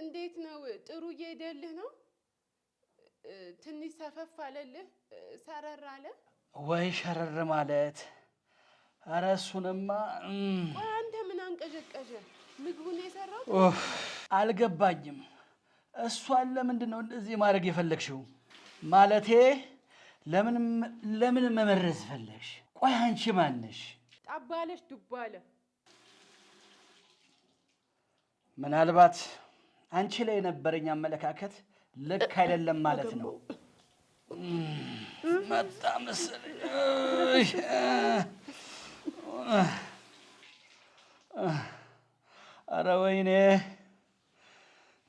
እንዴት ነው? ጥሩ እየሄደልህ ነው? ትንሽ ሰፈፍ አለልህ? ሰረር አለ ወይ? ሸረር ማለት ኧረ እሱንማ አንተ ምን አንቀዠቀዠ? ምግቡን የሰራው አልገባኝም። እሷን ለምንድን ነው እንደዚህ ማድረግ የፈለግሽው? ማለቴ ለምን መመረዝ ፈለግሽ? ቆይ አንቺ ማነሽ? አባለሽ ዱባለ ምናልባት አንቺ ላይ የነበረኝ አመለካከት ልክ አይደለም ማለት ነው። መጣ መሰለኝ። አረ ወይኔ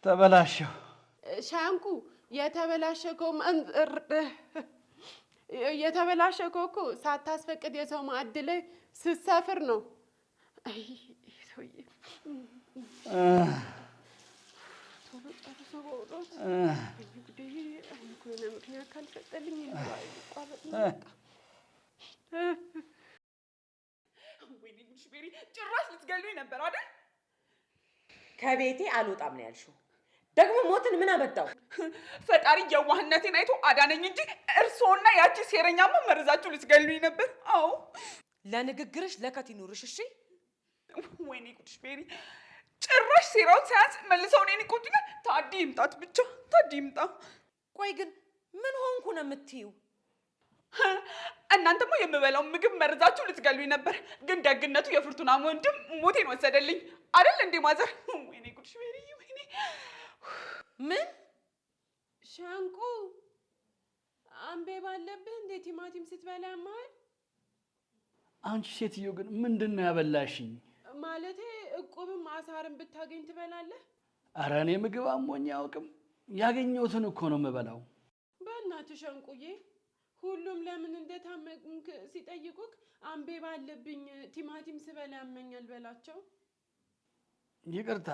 ተበላሸው። ሻንኩ የተበላሸገው የተበላሸ ኮኩ ሳታስፈቅድ የሰው ማዕድ ላይ ስትሰፍር ነው። ጭራሽ ልትገሉኝ ነበር አይደል? ከቤቴ አልወጣም ነው ያልሽው? ደግሞ ሞትን ምን አመጣው? ፈጣሪ የዋህነቴን አይቶ አዳነኝ እንጂ እርስዎና ያቺ ሴረኛማ መርዛችሁ ልትገሉኝ ነበር። አዎ ለንግግርሽ ለከት ይኑርሽ። እሺ። ወይኔ ጉድሽ ቤሪ፣ ጭራሽ ሴራውን ሳያንስ መልሰው ቁጭ ጋር ታዲ ይምጣት ብቻ፣ ታዲ ይምጣ። ቆይ ግን ምን ሆንኩ ነው የምትይው? እናንተማ የምበላው ምግብ መርዛችሁ ልትገሉኝ ነበር። ግን ደግነቱ የፍርቱና ወንድም ሞቴን ወሰደልኝ። አይደል እንዴ ማዘር? ወይኔ ቁጭ ቤሪ፣ ወይኔ ምን ሸንቁ አንቤ ባለብህ እንዴ ቲማቲም ስትበላ ያማል። አንቺ ሴትዮ ግን ምንድን ነው ያበላሽኝ? ማለቴ እቁብም አሳርም ብታገኝ ትበላለህ? አረ እኔ ምግብ አሞኝ አያውቅም። ያገኘሁትን እኮ ነው የምበላው። በእናትህ ሸንቁዬ፣ ሁሉም ለምን እንደታመምክ ሲጠይቁክ አንቤ ባለብኝ ቲማቲም ስበላ ያመኛል በላቸው። ይቅርታ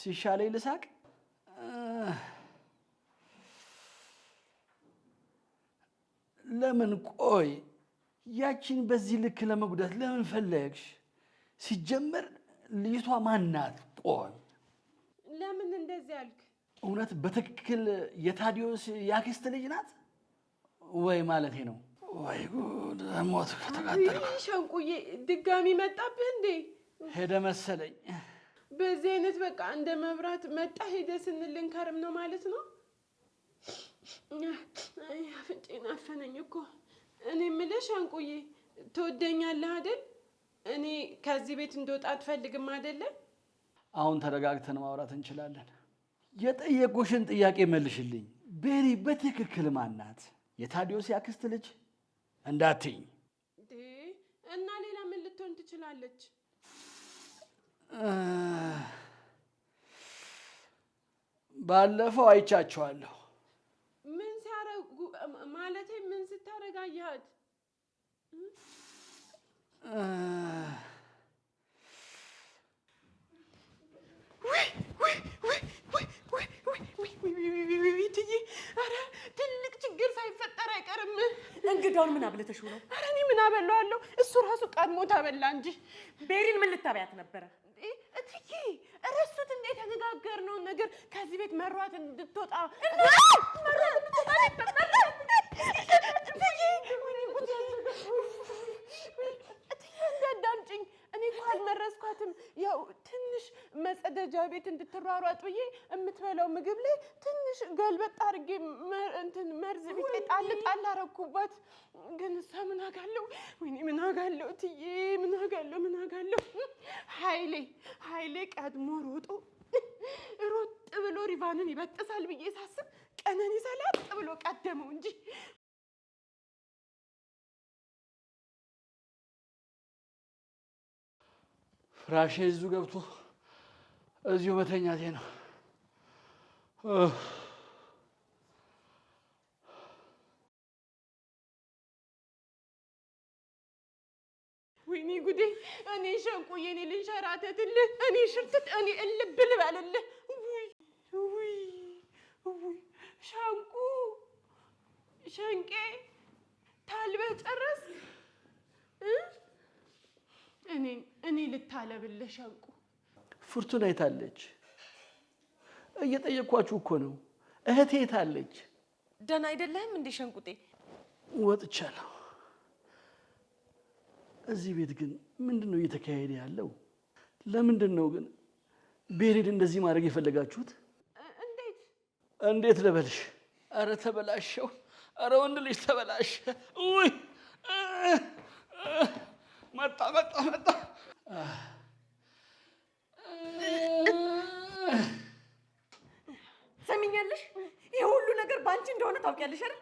ሲሻለኝ ልሳቅ ለምን ቆይ ያቺን በዚህ ልክ ለመጉዳት ለምን ፈለግሽ? ሲጀመር ልጅቷ ማናት? ቆይ ለምን እንደዚህ አልክ? እውነት በትክክል የታዲዮስ ያክስት ልጅ ናት ወይ ማለቴ ነው። ወይ ጉድ! ሞት ከተቃጠልኩ። ሸንቁዬ ድጋሚ መጣብህ እንዴ? ሄደ መሰለኝ። በዚህ አይነት በቃ እንደ መብራት መጣ ሄደ ስንል ልንከርም ነው ማለት ነው። አፍንጫዬን አፈነኝ እኮ። እኔ ምልሽ አንቁዬ ትወደኛለህ አይደል? እኔ ከዚህ ቤት እንደወጣ አትፈልግም አይደለም? አሁን ተረጋግተን ማውራት እንችላለን። የጠየቁሽን ጥያቄ መልሽልኝ። ቤሪ በትክክል ማናት? የታዲዮስ ያክስት ልጅ እንዳትኝ እና ሌላ ምን ልትሆን ትችላለች? ባለፈው አይቻችኋለሁ። ምን ሲያረጉ ማለት ምን ስታረግ አየሃት? ኧረ ትልቅ ችግር ሳይፈጠር አይቀርም። እንግዳውን ምን አብለተሽ ነው? ኧረ እኔ ምን አበላዋለሁ? እሱ ራሱ ቀድሞ ታበላ እንጂ። ቤሪን ምን ልታበያት ነበረ? እትዬ እረሱት እንደ የተነጋገርነውን ነገር ከዚህ ቤት መሯት እንድትወጣ እንዳዳምጪኝ እኔ እኮ አልመረስኳትም። ያው ትንሽ መጸደጃ ቤት እንድትሯሯጥ ብዬ የምትበላው ምግብ ላይ ትንሽ ገልበጥ አድርጌ እንትን መርዝ ቤት ጣል ጣል አረኩባት። ግን እሷ ምን አጋለሁ፣ ወይኔ ምን አጋለሁ፣ ትዬ ምን አጋለሁ፣ ምን አጋለሁ። ኃይሌ ኃይሌ ቀድሞ ሮጦ ሮጥ ብሎ ሪቫንን ይበጥሳል ብዬ ሳስብ ቀነኒሳ ላጥ ብሎ ቀደመው እንጂ ፍራሽ እዚሁ ገብቶ እዚሁ መተኛቴ ነው። ወይኔ ጉዴ! እኔ ሸንቁዬ፣ እኔ ልንሸራተትልህ፣ እኔ ሽርትት፣ እኔ እልብ ልበልልህ። ውይ ሸንቁ ሸንቄ ታልበህ ጨረስክ? እኔ ልታለብልሽ አንቁ ፍርቱና አይታለች እየጠየቅኳችሁ እኮ ነው። እህቴ የታለች? ደህና አይደለህም እንዴ ሸንቁጤ? ወጥቻለሁ። እዚህ ቤት ግን ምንድን ነው እየተካሄደ ያለው? ለምንድን ነው ግን ቤሬድ እንደዚህ ማድረግ የፈለጋችሁት? እንዴት እንዴት ልበልሽ? አረ ተበላሸው። አረ ወንድ ልጅ ተበላሸ። መጣ መጣ መጣ። ሰሚኛለሽ? ይህ ሁሉ ነገር በአንቺ እንደሆነ ታውቂያለሽ አይደል?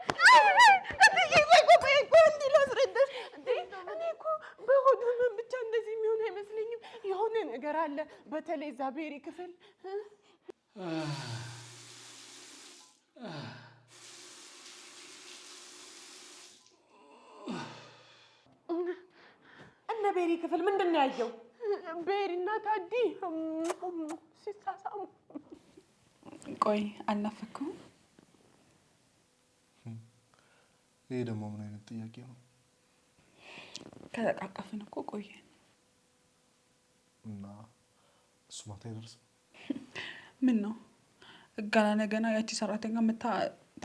እኔ እኮ በሆድ ህመም ብቻ እንደዚህ የሚሆን አይመስለኝም። የሆነ ነገር አለ። በተለይ እዛ ብሔሪ ክፍል ከነ ቤሪ ክፍል ምንድን ነው ያየው? ቤሪና ታዲ ሲሳሳሙ። ቆይ አልናፈኩም? ይሄ ደግሞ ምን አይነት ጥያቄ ነው? ከተቃቀፍን እኮ ቆየን እና እሱ ማታ አይደርስም። ምን ነው እጋላ ነገና ያቺ ሰራተኛ ምታ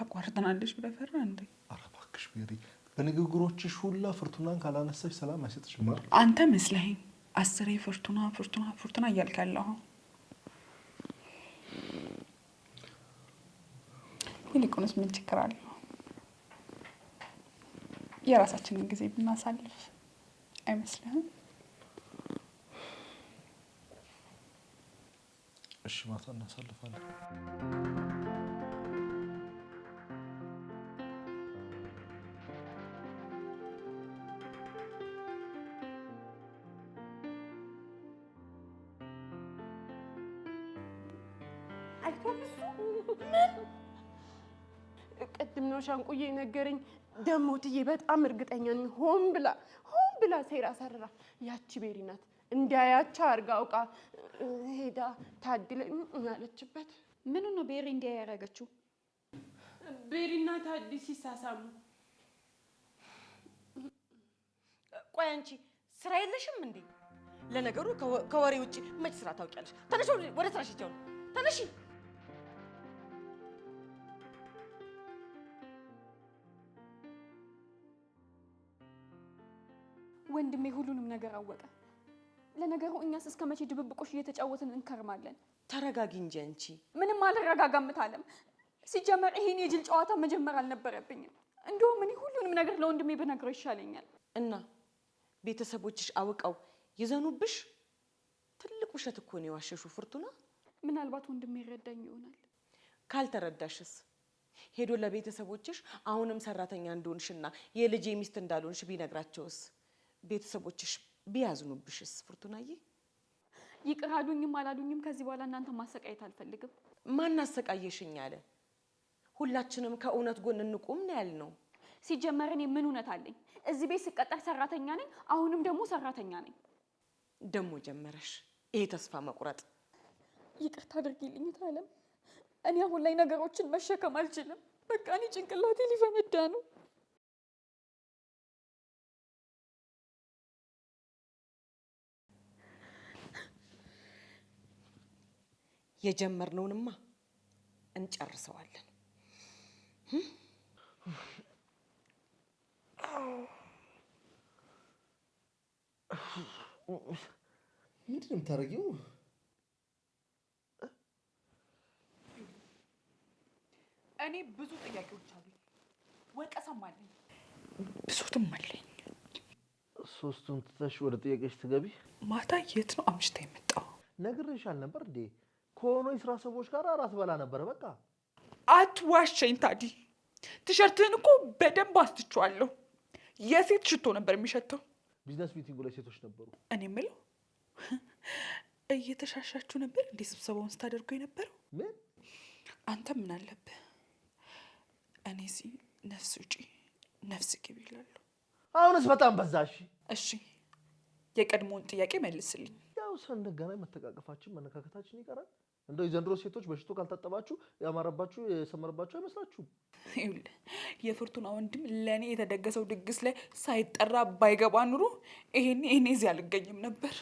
ተቋርጠናለች ብለህ ፈራ እንዴ? ኧረ እባክሽ ቤሪ በንግግሮችሽ ሁላ ፍርቱናን ካላነሳሽ ሰላም አይሰጥሽም። አንተ መስለኸኝ አስሬ ፍርቱና ፍርቱና ፍርቱና እያልክ ያለሁ ይልቁንስ ምን ችግር የራሳችንን ጊዜ ብናሳልፍ አይመስልህም? እሺ፣ ማታ እናሳልፋለን። ነው ሻንቁዬ ነገረኝ። ደግሞ ትዬ በጣም እርግጠኛ ነኝ ሆን ብላ ሆን ብላ ሴራ ሰራ። ያቺ ቤሪ ናት እንዳያቻ አርጋ አውቃ ሄዳ ታድለ አለችበት። ምኑ ነው ቤሪ እንዲያ ያረገችው? ቤሪና ታዲ ሲሳሳሙ ቆይ አንቺ ስራ የለሽም እንዴ? ለነገሩ ከወሬ ውጭ መች ስራ ታውቂያለሽ? ተነሽ ወደ ስራሽ። ይቻው ተነሽ። ወንድሜ ሁሉንም ነገር አወቀ። ለነገሩ እኛስ እስከ መቼ ድብብቆሽ እየተጫወትን እንከርማለን? ተረጋጊ እንጂ አንቺ። ምንም አልረጋጋም እታለም። ሲጀመር ይሄን የጅል ጨዋታ መጀመር አልነበረብኝም። እንዲሁም እኔ ሁሉንም ነገር ለወንድሜ ብነግረው ይሻለኛል። እና ቤተሰቦችሽ አውቀው ይዘኑብሽ? ትልቅ ውሸት እኮ ነው የዋሸሹ ፍርቱና። ምናልባት ወንድሜ ይረዳኝ ይሆናል። ካልተረዳሽስ ሄዶ ለቤተሰቦችሽ አሁንም ሰራተኛ እንደሆንሽና የልጄ ሚስት እንዳልሆንሽ ቢነግራቸውስ? ቤተሰቦችሽ ቢያዝኑብሽስ ፍርቱናዬ? ይቅር አሉኝም አላሉኝም ከዚህ በኋላ እናንተ ማሰቃየት አልፈልግም። ማን አሰቃየሽኝ አለ? ሁላችንም ከእውነት ጎን እንቁም ነው ያልነው። ሲጀመር እኔ ምን እውነት አለኝ? እዚህ ቤት ስቀጠር ሰራተኛ ነኝ፣ አሁንም ደግሞ ሰራተኛ ነኝ። ደግሞ ጀመረሽ ይሄ ተስፋ መቁረጥ። ይቅርታ አድርጊልኝ ታለም፣ እኔ አሁን ላይ ነገሮችን መሸከም አልችልም። በቃ እኔ ጭንቅላቴ ሊፈነዳ ነው። የጀመርነውንማ እንጨርሰዋለን። ምንድን ነው የምታደርጊው? እኔ ብዙ ጥያቄዎች አሉኝ፣ ወቀሰም አለኝ፣ ብሶትም አለኝ። ሶስቱን ትተሽ ወደ ጥያቄዎች ትገቢ። ማታ የት ነው አምሽታ የመጣው? ነግሬሽ አልነበር እንዴ? ከሆኑ የስራ ሰዎች ጋር አራት በላ ነበር። በቃ አትዋሸኝ። ታዲ ቲሸርትህን እኮ በደንብ አስትችዋለሁ። የሴት ሽቶ ነበር የሚሸተው። ቢዝነስ ሚቲንጉ ላይ ሴቶች ነበሩ። እኔ የምለው እየተሻሻችሁ ነበር እንዴ ስብሰባውን ስታደርጉ የነበረው? ምን አንተ ምን አለብህ? እኔ ሲ ነፍስ ውጪ ነፍስ ግቢ ይላሉ። አሁንስ በጣም በዛሽ። እሺ የቀድሞውን ጥያቄ መልስልኝ። ያው እንደገና መተቃቀፋችን መነካከታችን ይቀራል። እንደው የዘንድሮ ሴቶች በሽቶ ካልታጠባችሁ ያማረባችሁ የሰመረባችሁ አይመስላችሁም? የፍርቱና ወንድም ለእኔ የተደገሰው ድግስ ላይ ሳይጠራ ባይገባ ኑሮ ይሄኔ እኔ እዚህ አልገኝም ነበር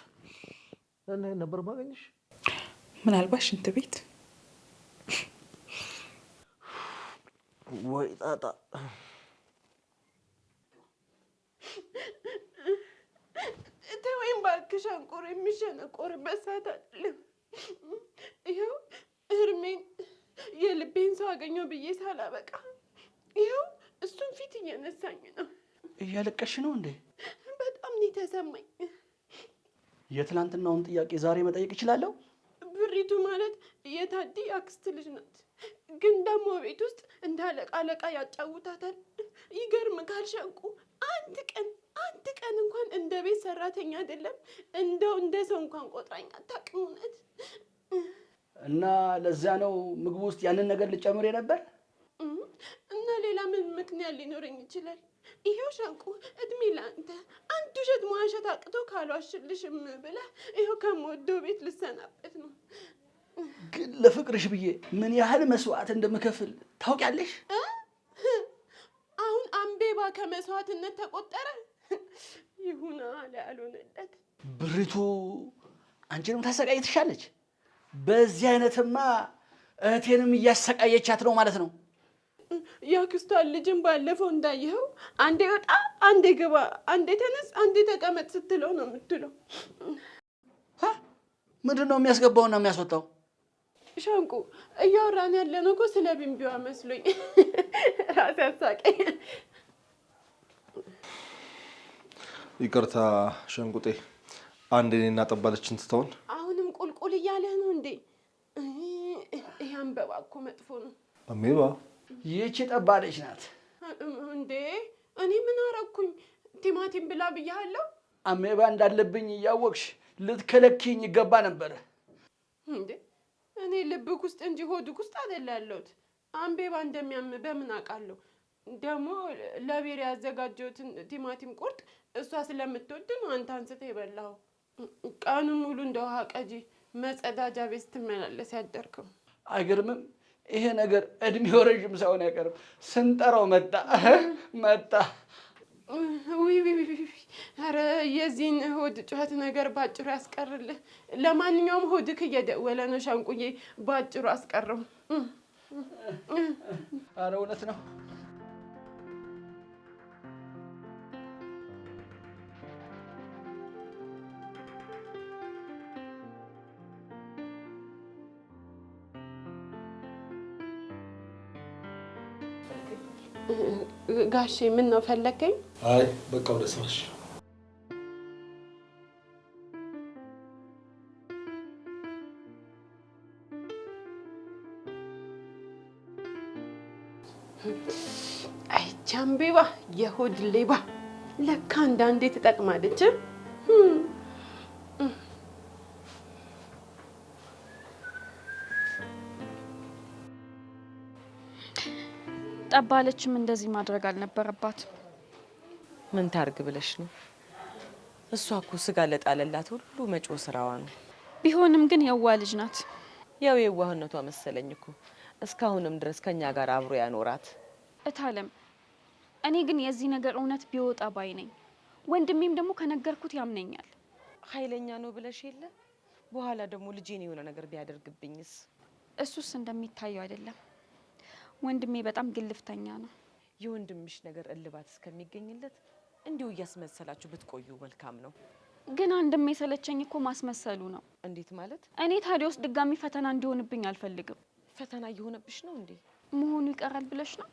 እኔ ነበር ማገኝሽ ምናልባት ሽንት ቤት ወይ ጣጣ ተወይም ባክሽ አንቆር የሚሸነቆርበት ሰዓት አለም ይኸው እርሜን የልቤን ሰው አገኘው ብዬ ሳላበቃ ይኸው እሱን ፊት እየነሳኝ ነው። እያለቀሽ ነው እንዴ? በጣም ነው የተሰማኝ። የትናንትናውን ጥያቄ ዛሬ መጠየቅ እችላለሁ? ብሪቱ ማለት የታዲ አክስት ልጅ ናት፣ ግን ደግሞ ቤት ውስጥ እንደ አለቃ አለቃ ያጫውታታል። ይገርም ካልሸንቁ አንድ ቀን ቀን እንኳን እንደ ቤት ሰራተኛ አይደለም እንደው እንደ ሰው እንኳን ቆጥራኝ አታውቅም። እውነት እና ለዛ ነው ምግብ ውስጥ ያንን ነገር ልጨምር ነበር። እና ሌላ ምን ምክንያት ሊኖረኝ ይችላል? ይሄው ሸንቁ እድሜ ለአንተ አንድ ውሸት መዋሸት አቅቶ ካልዋሽልሽም ብላ ይኸው ከምወደው ቤት ልሰናበት ነው። ግን ለፍቅርሽ ብዬ ምን ያህል መስዋዕት እንደምከፍል ታውቂያለሽ? አሁን አምቤባ ከመስዋዕትነት ተቆጠረ። ይሁና አልሆነለት። ብሪቱ አንቺንም ታሰቃይትሻለች። በዚህ አይነትማ እህቴንም እያሰቃየቻት ነው ማለት ነው። ያክስቷን ልጅን ባለፈው እንዳየኸው አንዴ ወጣ፣ አንዴ ገባ፣ አንዴ ተነስ፣ አንዴ ተቀመጥ ስትለው ነው የምትለው። ምንድን ነው የሚያስገባውና የሚያስወጣው? ሻንቁ እያወራን ያለን እኮ ስለ ቢንቢዋ መስሎኝ ራሴ አሳቀኝ። ይቅርታ ሸንቁጤ፣ አንድ እኔ እናጠባለችን ትተውን። አሁንም ቁልቁል እያለህ ነው እንዴ? ይህ አንበባ እኮ መጥፎ ነው። አሜባ፣ ይህቺ ጠባለች ናት እንዴ? እኔ ምን አረግኩኝ? ቲማቲም ብላ ብያለሁ። አሜባ እንዳለብኝ እያወቅሽ ልትከለኪኝ ይገባ ነበረ እንዴ? እኔ ልብክ ውስጥ እንጂ ሆድክ ውስጥ አይደል ያለሁት። አምቤባ እንደሚያም በምን አውቃለሁ? ደግሞ ለቤር ያዘጋጀሁትን ቲማቲም ቁርጥ እሷ ስለምትወድ ነው አንተ አንስተህ የበላው። ቀኑን ሙሉ እንደ ውሃ ቀጂ መጸዳጃ ቤት ስትመላለስ ያደርክም አይገርምም? ይሄ ነገር እድሜው ረዥም ሳይሆን አይቀርም ስንጠራው መጣ መጣ። ኧረ የዚህን ሆድ ጩኸት ነገር ባጭሩ ያስቀርልህ። ለማንኛውም ሆድክ እየደወለ ነው። ሻንቁዬ ባጭሩ አስቀረው። አረ እውነት ነው። ጋሼ ምን ነው ፈለገኝ? አይ በቃ ወደ ስራሽ። አይ ጃምቤባ፣ የሆድ ሌባ ለካ አንዳንዴ ትጠቅማለች። ጠባለችም እንደዚህ ማድረግ አልነበረባት። ምን ታርግ ብለሽ ነው? እሷ እኮ ስጋ ለጣለላት ሁሉ መጮ ስራዋ ነው። ቢሆንም ግን የዋ ልጅ ናት። ያው የዋህነቷ መሰለኝ እኮ እስካሁንም ድረስ ከኛ ጋር አብሮ ያኖራት እታለም። እኔ ግን የዚህ ነገር እውነት ቢወጣ ባይ ነኝ። ወንድሜም ደግሞ ከነገርኩት ያምነኛል። ኃይለኛ ነው ብለሽ የለ። በኋላ ደግሞ ልጄን የሆነ ነገር ቢያደርግብኝስ? እሱስ እንደሚታየው አይደለም። ወንድሜ በጣም ግልፍተኛ ነው። የወንድምሽ ነገር እልባት እስከሚገኝለት እንዲሁ እያስመሰላችሁ ብትቆዩ መልካም ነው። ግን አንድም የሰለቸኝ እኮ ማስመሰሉ ነው። እንዴት ማለት? እኔ ታዲያ ውስጥ ድጋሚ ፈተና እንዲሆንብኝ አልፈልግም። ፈተና እየሆነብሽ ነው እንዴ? መሆኑ ይቀራል ብለሽ ነው?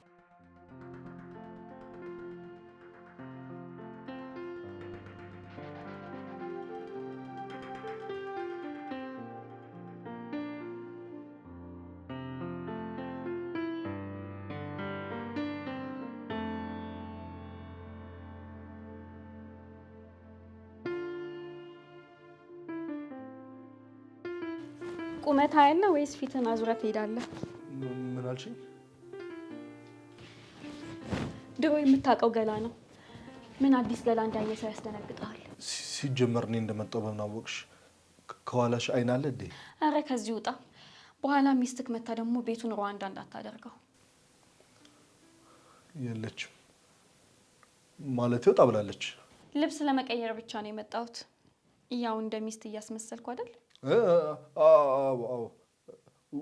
ቁመት አያለ ወይስ ፊትን አዙረ ትሄዳለህ? ምን አልሽኝ? ድሮ የምታውቀው ገላ ነው። ምን አዲስ ገላ እንዳየ ሰው ያስደነግጠዋል። ሲጀመር እኔ እንደመጣው በምን አወቅሽ? ከኋላሽ አይን አለ እንዴ? አረ ከዚህ ውጣ። በኋላ ሚስትክ መታ ደግሞ ቤቱን ሩዋንዳ እንዳታደርገው። የለችም ማለት ወጣ ብላለች። ልብስ ለመቀየር ብቻ ነው የመጣሁት። ያው እንደ ሚስት እያስመሰልኩ አይደል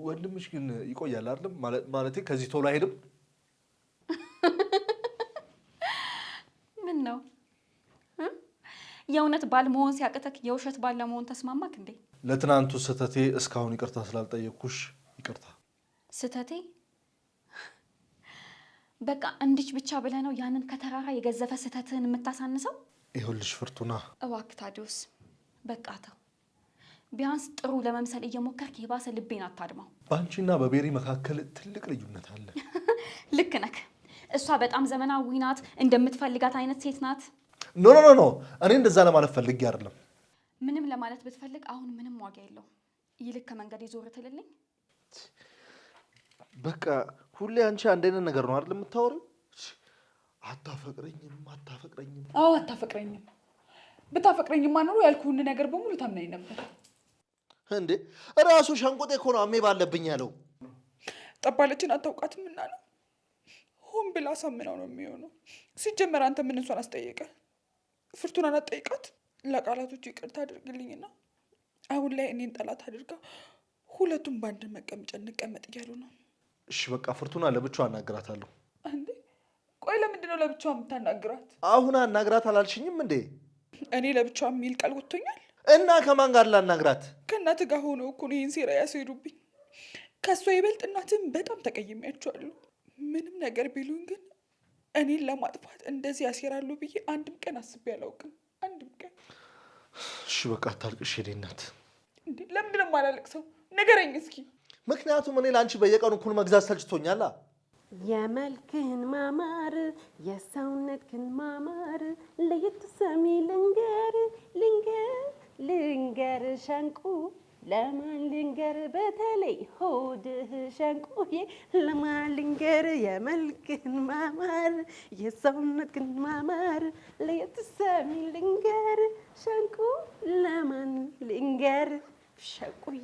ወንድምሽ ግን ይቆያል አይደለም? ማለቴ ከዚህ ቶሎ አይሄድም? ምን ነው የእውነት ባል መሆን ሲያቅተክ የውሸት ባል ለመሆን ተስማማክ እንዴ? ለትናንቱ ስህተቴ እስካሁን ይቅርታ ስላልጠየቅኩሽ ይቅርታ። ስህተቴ በቃ እንዲች ብቻ ብለህ ነው ያንን ከተራራ የገዘፈ ስህተትህን የምታሳንሰው? ይኸውልሽ ፍርቱና፣ እባክህ ታዲዮስ በቃ ተው ቢያንስ ጥሩ ለመምሰል እየሞከርክ የባሰ ልቤን አታድማው። በአንቺና በቤሪ መካከል ትልቅ ልዩነት አለ። ልክ ነክ። እሷ በጣም ዘመናዊ ናት፣ እንደምትፈልጋት አይነት ሴት ናት። ኖ ኖ ኖ፣ እኔ እንደዛ ለማለት ፈልጌ አይደለም። ምንም ለማለት ብትፈልግ አሁን ምንም ዋጋ የለው። ይልክ ከመንገድ ዞር ትልልኝ። በቃ ሁሌ አንቺ አንድ አይነት ነገር ነው አይደል የምታወሪው? አታፈቅረኝም፣ አታፈቅረኝም። አዎ አታፈቅረኝም። ብታፈቅረኝማ ኖሮ ያልኩህን ነገር በሙሉ ታምናኝ ነበር። እንዴ ራሱ ሸንቆጤ እኮ ነው አሜ ባለብኝ ያለው። ጠባለችን አታውቃትም እና ነው ሆን ብላ አሳምናው ነው የሚሆነው። ሲጀመር አንተ ምን እሷን አስጠየቀ? ፍርቱናን አጠይቃት ለቃላቶች ይቅርታ አድርግልኝና አሁን ላይ እኔን ጠላት አድርጋ ሁለቱም በአንድ መቀመጫ እንቀመጥ እያሉ ነው። እሺ በቃ ፍርቱና ለብቻ አናግራታለሁ። እንዴ ቆይ ለምንድን ነው ለብቻዋ የምታናግራት? አሁን አናግራት አላልሽኝም እንዴ? እኔ ለብቻዋ የሚል ቃል ወጥቶኛል። እና ከማን ጋር ላናግራት? ከእናት ጋር ሆኖ እኮ ነው ይህን ሴራ ያስሄዱብኝ። ከእሷ ይበልጥ እናትን በጣም ተቀይሜያቸዋለሁ። ምንም ነገር ቢሉኝ ግን እኔን ለማጥፋት እንደዚህ ያሴራሉ ብዬ አንድም ቀን አስቤ አላውቅም። አንድም ቀን። እሺ በቃ አታልቅሽ የእኔ እናት። ለምንድን ነው የማላለቅሰው? ንገረኝ እስኪ። ምክንያቱም እኔ ለአንቺ በየቀኑ እኩል መግዛት ሰልችቶኛላ። የመልክህን ማማር፣ የሰውነትህን ማማር ለየት ሸንቁ ለማን ልንገር በተለይ ሆድህ ሸንቁዬ ለማን ልንገር የመልክን ማማር የሰውነትን ማማር ለየትሰሚ ልንገር ሸንቁ ለማን ልንገር ሸንቁዬ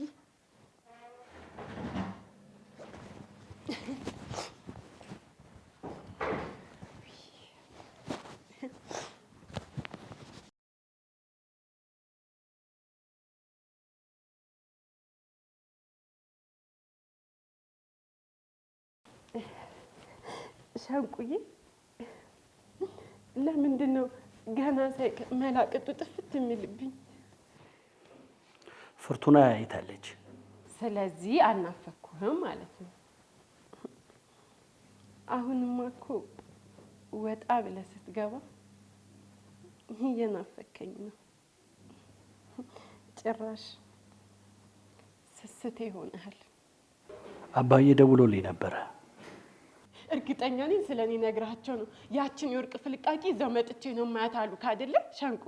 ሸንቁዬ ለምንድን ነው ገና ሳይቀ መላቅጡ ጥፍት የሚልብኝ? ፍርቱና አይታለች። ስለዚህ አናፈኩህም ማለት ነው። አሁንማ እኮ ወጣ ብለህ ስትገባ እየናፈከኝ ነው። ጭራሽ ስስቴ ይሆናል። አባዬ ደውሎልኝ ነበረ እርግጠኛ ነኝ ስለኔ ነግራቸው ነው። ያችን የወርቅ ፍልቃቂ ይዘው መጥቼ ነው ማያት አሉ ካደለ ሸንቁ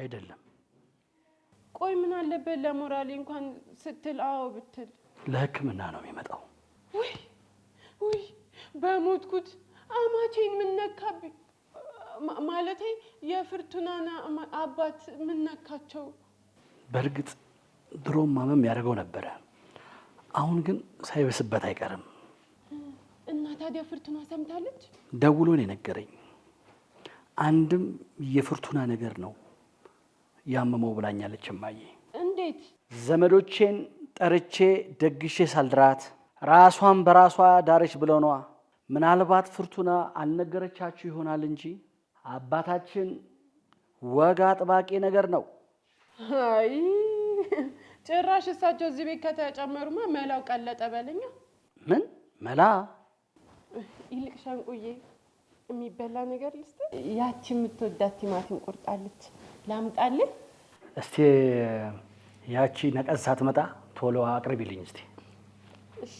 አይደለም። ቆይ ምን አለበት ለሞራሌ እንኳን ስትል አዎ ብትል፣ ለሕክምና ነው የሚመጣው። ውይ ውይ፣ በሞትኩት አማቼን ምነካብኝ ማለቴ የፍርቱናና አባት ምነካቸው። በእርግጥ ድሮም ማመም ያደርገው ነበረ አሁን ግን ሳይበስበት አይቀርም። እና ታዲያ ፍርቱና ሰምታለች? ደውሎ ነው የነገረኝ። አንድም የፍርቱና ነገር ነው ያመመው ብላኛለች። እማዬ እንዴት? ዘመዶቼን ጠርቼ ደግሼ ሳልድራት ራሷን በራሷ ዳረች ብለኗ ምናልባት ፍርቱና አልነገረቻችሁ ይሆናል እንጂ አባታችን ወግ አጥባቂ ነገር ነው። አይ ጭራሽ እሳቸው እዚህ ቤት ከተጨመሩማ መላው ቀለጠ በለኛ። ምን መላ? ይልቅ ሸንቁዬ የሚበላ ነገር ልስጥ። ያቺ የምትወዳት ቲማቲም ቆርጣለች፣ ላምጣልህ? እስቲ ያቺ ነቀዝ ሳትመጣ ቶሎ አቅርቢልኝ እስቲ። እሺ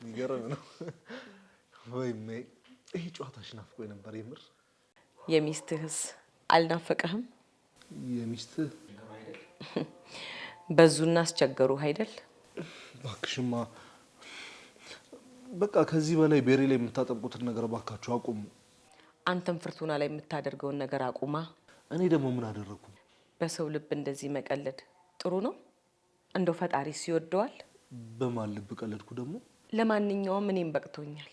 የሚገርም ነው። ወይም ይህ ጨዋታሽ ናፍቆ ነበር የምር። የሚስትህስ አልናፈቀህም? የሚስትህ በዙና አስቸገሩ አይደል? ባክሽማ በቃ ከዚህ በላይ ቤሪ ላይ የምታጠብቁትን ነገር እባካችሁ አቁሙ። አንተም ፍርቱና ላይ የምታደርገውን ነገር አቁማ። እኔ ደግሞ ምን አደረግኩ? በሰው ልብ እንደዚህ መቀለድ ጥሩ ነው? እንደው ፈጣሪ ሲወደዋል። በማን ልብ ቀለድኩ ደግሞ። ለማንኛውም እኔም በቅቶኛል።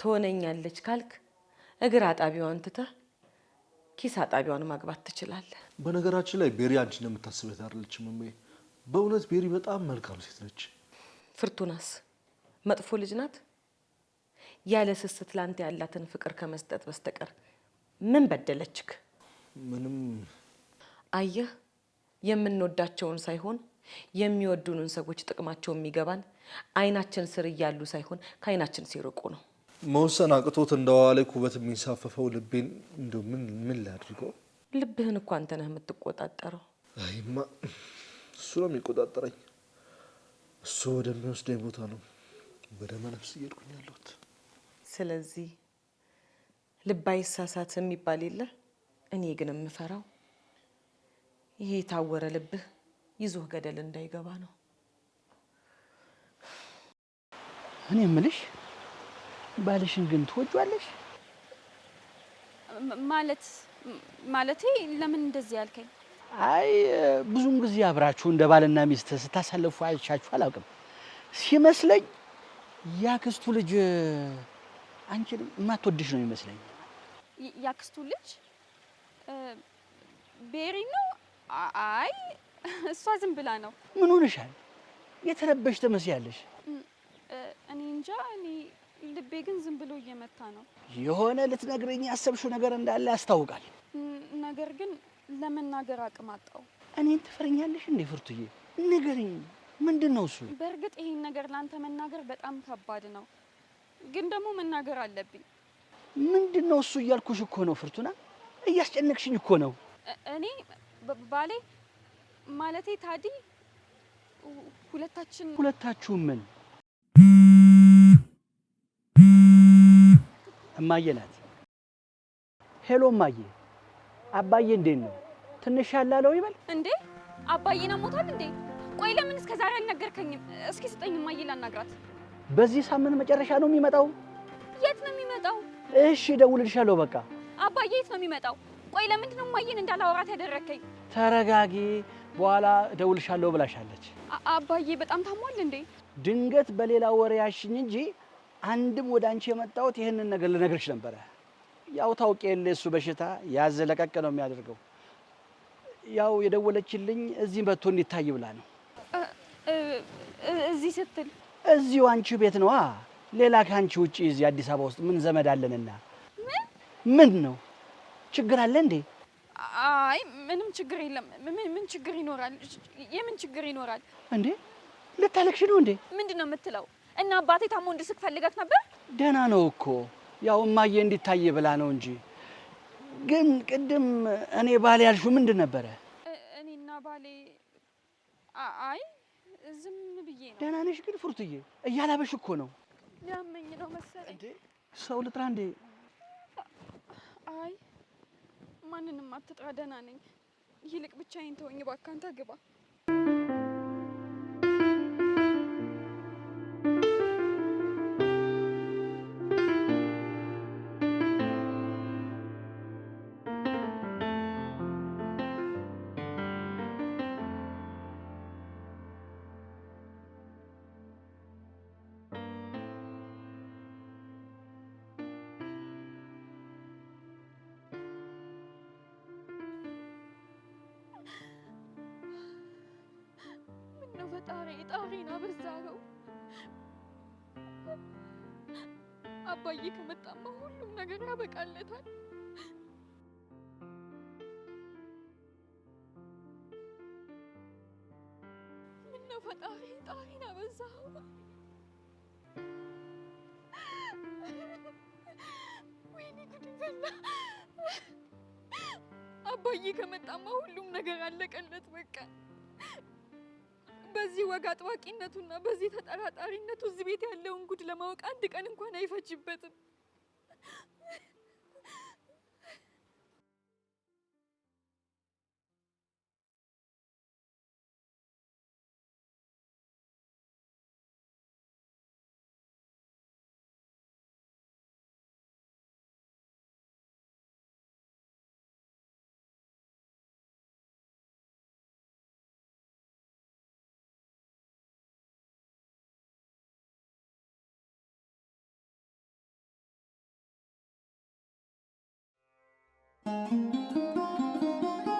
ትሆነኛለች ካልክ እግር አጣቢዋን ትተህ ኪስ አጣቢዋን ማግባት ትችላለህ። በነገራችን ላይ ቤሪ አንቺ እንደምታስበት አይደለችም። እሜ በእውነት ቤሪ በጣም መልካም ሴት ነች። ፍርቱናስ መጥፎ ልጅ ናት? ያለ ስስት ላንተ ያላትን ፍቅር ከመስጠት በስተቀር ምን በደለችክ? ምንም። አየህ የምንወዳቸውን ሳይሆን የሚወዱንን ሰዎች ጥቅማቸው የሚገባን አይናችን ስር እያሉ ሳይሆን ከአይናችን ሲርቁ ነው። መወሰን አቅቶት እንደ ኩበት የሚንሳፈፈው ልቤን እንዲ ምን ምን ላድርገው? ልብህን እኮ አንተ ነህ የምትቆጣጠረው። አይማ እሱ ነው የሚቆጣጠረኝ። እሱ ወደሚወስደኝ ቦታ ነው ወደ መነፍስ እየሄድኩኝ ያለሁት። ስለዚህ ልብ አይሳሳት የሚባል የለ። እኔ ግን የምፈራው ይሄ የታወረ ልብህ ይዞህ ገደል እንዳይገባ ነው። እኔ የምልሽ ባልሽን ግን ትወጇለሽ? ማለት ማለት ለምን እንደዚህ ያልከኝ? አይ ብዙም ጊዜ አብራችሁ እንደ ባልና ሚስት ስታሳልፉ አይቻችሁ አላውቅም። ሲመስለኝ ያክስቱ ልጅ አንቺን የማትወድሽ ነው ይመስለኝ። ያክስቱ ልጅ ቤሪ ነው አይ እሷ ዝም ብላ ነው። ምን ሆነሻል? የተረበሽ ትመስያለሽ። እኔ እንጃ። እኔ ልቤ ግን ዝም ብሎ እየመታ ነው። የሆነ ልትነግረኝ ያሰብሽው ነገር እንዳለ ያስታውቃል። ነገር ግን ለመናገር አቅም አጣው። እኔን ትፈርኛለሽ እንዴ ፍርቱዬ? ንገሪኝ፣ ምንድን ነው እሱ? በእርግጥ ይህን ነገር ላንተ መናገር በጣም ከባድ ነው፣ ግን ደግሞ መናገር አለብኝ። ምንድን ነው እሱ? እያልኩሽ እኮ ነው ፍርቱና፣ እያስጨነቅሽኝ እኮ ነው እኔ ባሌ ማለቴ ታዲ ሁለታችን ሁለታችሁ ምን እማዬ ናት። ሄሎ እማዬ፣ አባዬ እንዴት ነው? ትንሽ ያላለው ይበል እንዴ? አባዬ ነው ሞቷል እንዴ? ቆይ ለምን እስከ ዛሬ አልነገርከኝም? እስኪ ስጠኝ እማዬ ላናግራት። በዚህ ሳምንት መጨረሻ ነው የሚመጣው። የት ነው የሚመጣው? እሺ እደውልልሻለሁ። በቃ አባዬ የት ነው የሚመጣው? ቆይ ለምንድን ነው እማዬን እንዳላወራት ያደረከኝ? ተረጋጊ፣ በኋላ እደውልሻለሁ ብላሻለች። አባዬ በጣም ታሟል እንዴ? ድንገት በሌላ ወሬ ያሽኝ እንጂ አንድም ወደ አንቺ የመጣሁት ይህንን ነገር ልነግርሽ ነበረ። ያው ታውቂ የለ እሱ በሽታ ያዘ ለቀቀ ነው የሚያደርገው። ያው የደወለችልኝ እዚህ መጥቶ እንዲታይ ብላ ነው። እዚህ ስትል እዚሁ አንቺ ቤት ነዋ። ሌላ ከአንቺ ውጭ እዚህ አዲስ አበባ ውስጥ ምን ዘመድ አለንና? ምን ምን ነው ችግር አለ እንዴ? አይ ምንም ችግር የለም። ምን ችግር ይኖራል? የምን ችግር ይኖራል እንዴ? ልታለቅሽ ነው እንዴ? ምንድን ነው የምትለው? እና አባቴ ታሞ እንድስቅ ፈልጋት ነበር? ደህና ነው እኮ ያው እማዬ እንዲታየ ብላ ነው እንጂ። ግን ቅድም እኔ ባሌ ያልሽው ምንድን ነበረ? እኔና ባሌ አይ ዝም ብዬ ነው። ደህና ነሽ ግን ፍርቱዬ? እያላበሽ እኮ ነው። ያመኝ ነው መሰለኝ። ሰው ልጥራ እንዴ? አይ ማንንም አትጥራ፣ ደህና ነኝ። ይልቅ ብቻዬን ተወኝ እባክህ፣ አንተ ግባ። ዛሬ ጣሪና በዛገው አባዬ ከመጣማ ሁሉም ነገር ያበቃለታል። ምነው ፈጣሪ ጣሪና በዛው ወይኔ ጉድ ፈላ። አባዬ ከመጣማ ሁሉም ነገር አለቀለት በቃ። በዚህ ወግ አጥባቂነቱና በዚህ ተጠራጣሪነቱ እዚህ ቤት ያለውን ጉድ ለማወቅ አንድ ቀን እንኳን አይፈጅበትም።「るるるる」